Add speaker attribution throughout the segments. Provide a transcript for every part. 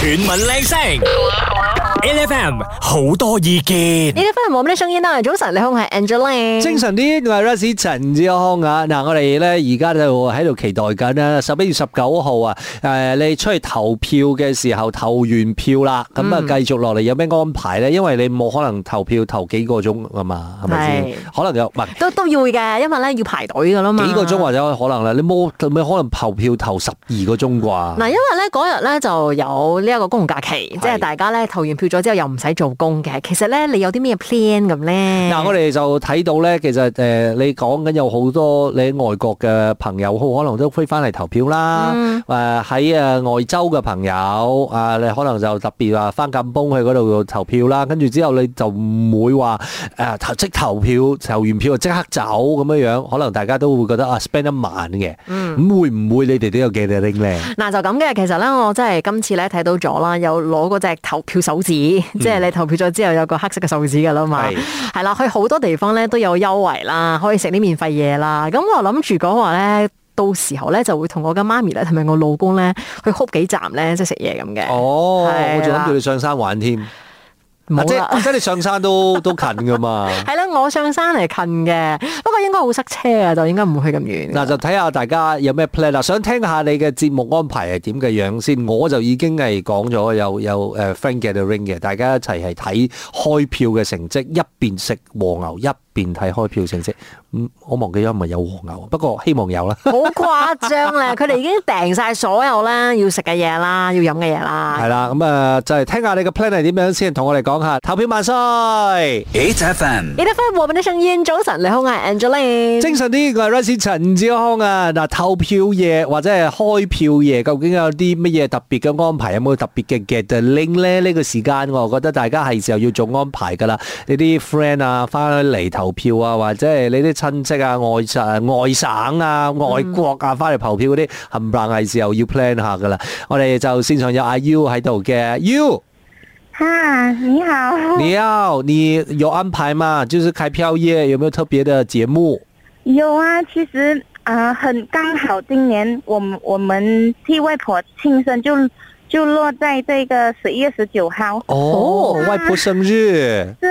Speaker 1: 全民靚聲 ，L F M 好多意見。M, 聲冇咩聲音啦。早晨，你好，我係 Angela。精神啲，我係 Rusty 陳子康啊。嗱，我哋咧而家就喺度期待緊啦。十一月十九號啊，誒，你出去投票嘅時候投完票啦，咁啊，繼續落嚟有咩安排咧？因為你冇可能投票投幾個鐘啊嘛，係咪先？是可能有，唔
Speaker 2: 都都要嘅，因為咧要排隊噶咯。幾個鐘
Speaker 1: 或者可能啦，你冇咁咪可能投票投十二個鐘啩？
Speaker 2: 嗱，因為咧嗰日咧就有。一個公共假期，是即係大家咧投完票咗之後又唔使做工嘅。其實咧，你有啲咩 plan 咁咧？嗱、呃，我哋
Speaker 1: 就睇到咧，其實誒、呃，你講緊有好多你喺外國嘅朋友，可能都飛翻嚟投票啦。誒、嗯，喺誒、呃、外州嘅朋友啊、呃，你可能就特別話翻金邦去嗰度投票啦。跟住之後你就唔會話誒、呃、即投票投完票就即刻走咁樣樣。可能大家都會覺得啊，spend 得慢嘅。嗯、咁、嗯、會唔會你哋都有 getting 咧？
Speaker 2: 嗱、呃，就咁嘅。其實咧，我真係今次咧睇到，咗啦，又攞嗰隻投票手指，嗯、即係你投票咗之後有個黑色嘅手指噶啦嘛，係啦是，去好多地方咧都有優惠啦，可以食啲免費嘢啦。咁我諗住講話咧，到時候咧就會同我嘅媽咪咧同埋我老公咧去哭幾站咧，即係食嘢咁嘅。
Speaker 1: 哦，的我仲諗住你上山玩添。唔者啦，即你上山都 都近噶嘛。
Speaker 2: 係咯，我上山嚟近嘅，不過應該好塞車啊，就應該唔會去咁遠。
Speaker 1: 嗱，就睇下大家有咩 plan 啦，想聽下你嘅節目安排係點嘅樣先。我就已經係講咗有有 friend get The ring 嘅，大家一齊係睇開票嘅成績，一邊食和牛一。電梯開票程式，嗯，我忘記咗唔係有和牛，不過希望有啦。
Speaker 2: 好誇張咧，佢哋已經訂晒所有啦，要食嘅嘢啦，要飲嘅嘢啦。
Speaker 1: 係啦，咁啊，就係聽下你嘅 plan 係點樣先，同我哋講下投票萬歲。Eight FM，幾多分和民的聲音？
Speaker 2: 早晨，你好啊，Angelina。
Speaker 1: 精神啲，我係 Russell 陳志康啊。嗱，投票夜或者係開票夜，究竟有啲乜嘢特別嘅安排？有冇特別嘅 get the link 咧？呢個時間我覺得大家係時候要做安排㗎啦。你啲 friend 啊，翻嚟投票啊，或者係你啲親戚啊、外省、外省啊、外國啊，翻嚟投票嗰啲，係唔係時候要 plan 下噶啦？我哋就現場有阿、y、U 喺度嘅 U。
Speaker 3: 哈、啊，你好。你
Speaker 1: 好，你有安排嘛？就是開票夜，有沒有特別的節目？
Speaker 3: 有啊，其實啊、呃，很剛好，今年我們我們替外婆慶生就，就就落在這個十一月十九號。哦，那外婆
Speaker 1: 生日。對。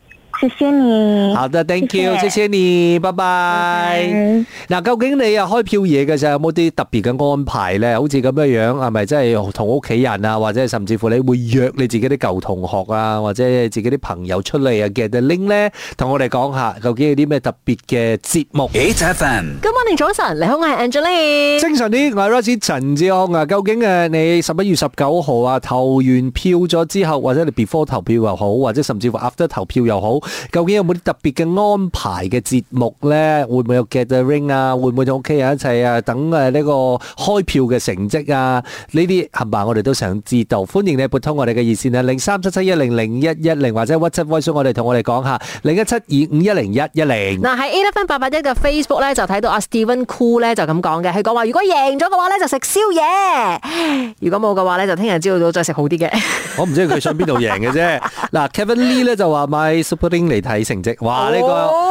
Speaker 1: 謝謝你，好的，thank you，謝謝,謝謝你，謝謝你，拜拜。嗱的，究竟你啊開票夜嘅時候有冇啲特別嘅安排咧？好似咁樣樣，係咪真係同屋企人啊，或者甚至乎你會約你自己啲舊同學啊，或者自己啲朋友出嚟啊，嘅拎咧？同我哋講下，究竟有啲咩特別嘅節目？H F N，
Speaker 2: 今早晨，你好，我係 Angeline。清
Speaker 1: 晨啲，我係 Rosie 陳志昂啊。究竟誒，你十一月十九號啊投完票咗之後，或者你 before 投票又好，或者甚至乎 after 投票又好？究竟有冇啲特別嘅安排嘅節目咧？會唔會有 gatherings 啊？會唔會同屋企人一齊啊？等誒呢個開票嘅成績啊？呢啲係咪我哋都想知道？歡迎你撥通我哋嘅熱線啊，零三七七一零零一一零或者 WhatsApp，我哋同我哋講下零一七二五一零一一零。嗱
Speaker 2: 喺 Eleven 八八一嘅 Facebook 咧就睇到阿 Steven Cool 咧就咁講嘅，佢講話如果贏咗嘅話咧就食宵夜，如果冇嘅話咧就聽日朝早再食好啲嘅。
Speaker 1: 我唔知佢想邊度贏嘅啫。嗱 Kevin Lee 咧就話買 Supporting，嚟睇成績哇！這！呢個。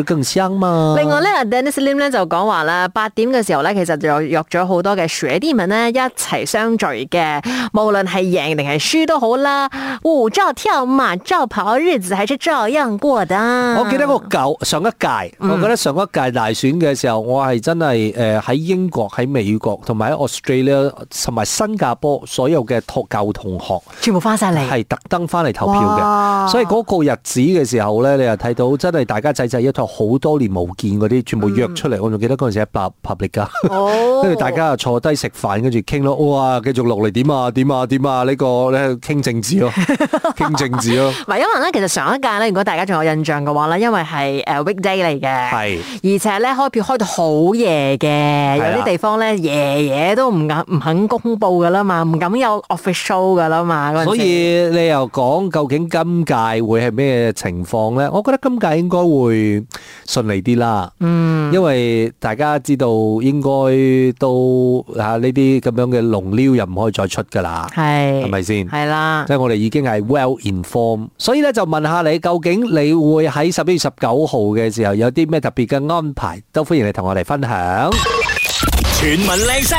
Speaker 1: 更香嘛！另外
Speaker 2: 咧，Dennis Lim 咧就講話啦，八點嘅時候咧，其實就約咗好多嘅 scholar 哋咧一齊相聚嘅。無論係贏定係輸都好啦，舞照跳，馬照跑，日子還是照樣過得，啊。我記
Speaker 1: 得個舊上一屆，嗯、我覺得上一屆大選嘅時候，我係真係誒喺英國、喺美國同埋喺 Australia 同埋新加坡所有嘅托舊同學，全部翻晒嚟，係特登翻嚟投票嘅。哇所以嗰個日子嘅時候咧，你又睇到真係大家濟濟一堂。好多年冇見嗰啲，全部約出嚟，嗯、我仲記得嗰陣時喺白白利家，跟住 大家啊坐低食飯，跟住傾咯，哇！繼續落嚟點啊點啊點啊呢、呢個咧傾政治咯，傾政治咯。
Speaker 2: 唔、啊、 因為咧，其實上一屆咧，如果大家仲有印象嘅話咧，因為係 weekday 嚟嘅，是而且咧開票開
Speaker 1: 到好夜嘅，的有啲地方
Speaker 2: 咧夜夜都唔敢唔肯公布㗎啦嘛，唔敢有 official 㗎啦嘛。所以、嗯、
Speaker 1: 你又講究竟今屆會係咩情況咧？我覺得今屆應該會。.順利啲啦，嗯，因為大家知道應該都吓呢啲咁樣嘅龍料又唔可以再出噶啦，係係咪先？係啦吧，即係的我哋已經係 well informed，所以咧就問下你，究竟你會喺十一月十九號嘅時候有啲咩特別嘅安排？都歡迎你同我哋分享。全民靚聲。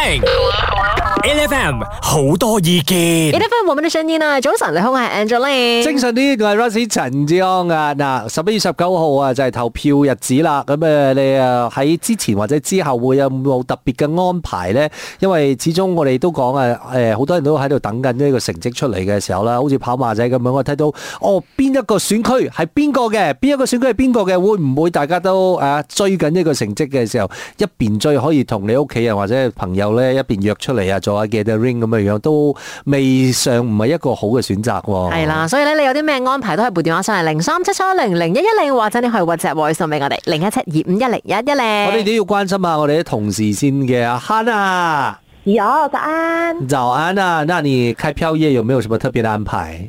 Speaker 1: L.F.M. 好多意見。
Speaker 2: L.F.M. 我們的聲音啊，早晨，你好，係 Angelina。早
Speaker 1: 晨呢個係 Russy 陳志安啊。嗱，十一月十九號啊，就係投票日子啦。咁你啊，喺之前或者之後會有冇特別嘅安排咧？因為始終我哋都講啊，誒，好多人都喺度等緊呢個成績出嚟嘅時候啦。好似跑馬仔咁樣，我睇到哦，邊一個選區係邊個嘅？邊一個選區係邊個嘅？會唔會大家都啊追緊呢個成績嘅時候，一邊追可以同你屋企人或者朋友咧一邊約出嚟啊？嘅 ring 咁嘅樣都未上，唔係一個好嘅選擇喎。
Speaker 2: 係啦，所以咧，你有啲咩安排都可以撥電話上嚟，零三七七零零一一零，或者你開運石送俾我哋，零一七二五一零一一零。
Speaker 1: 我哋都要關心下我哋啲同事先嘅，阿 Hannah 啊，有早安，早安啊，那你開票夜有冇？有什麼特別嘅安排？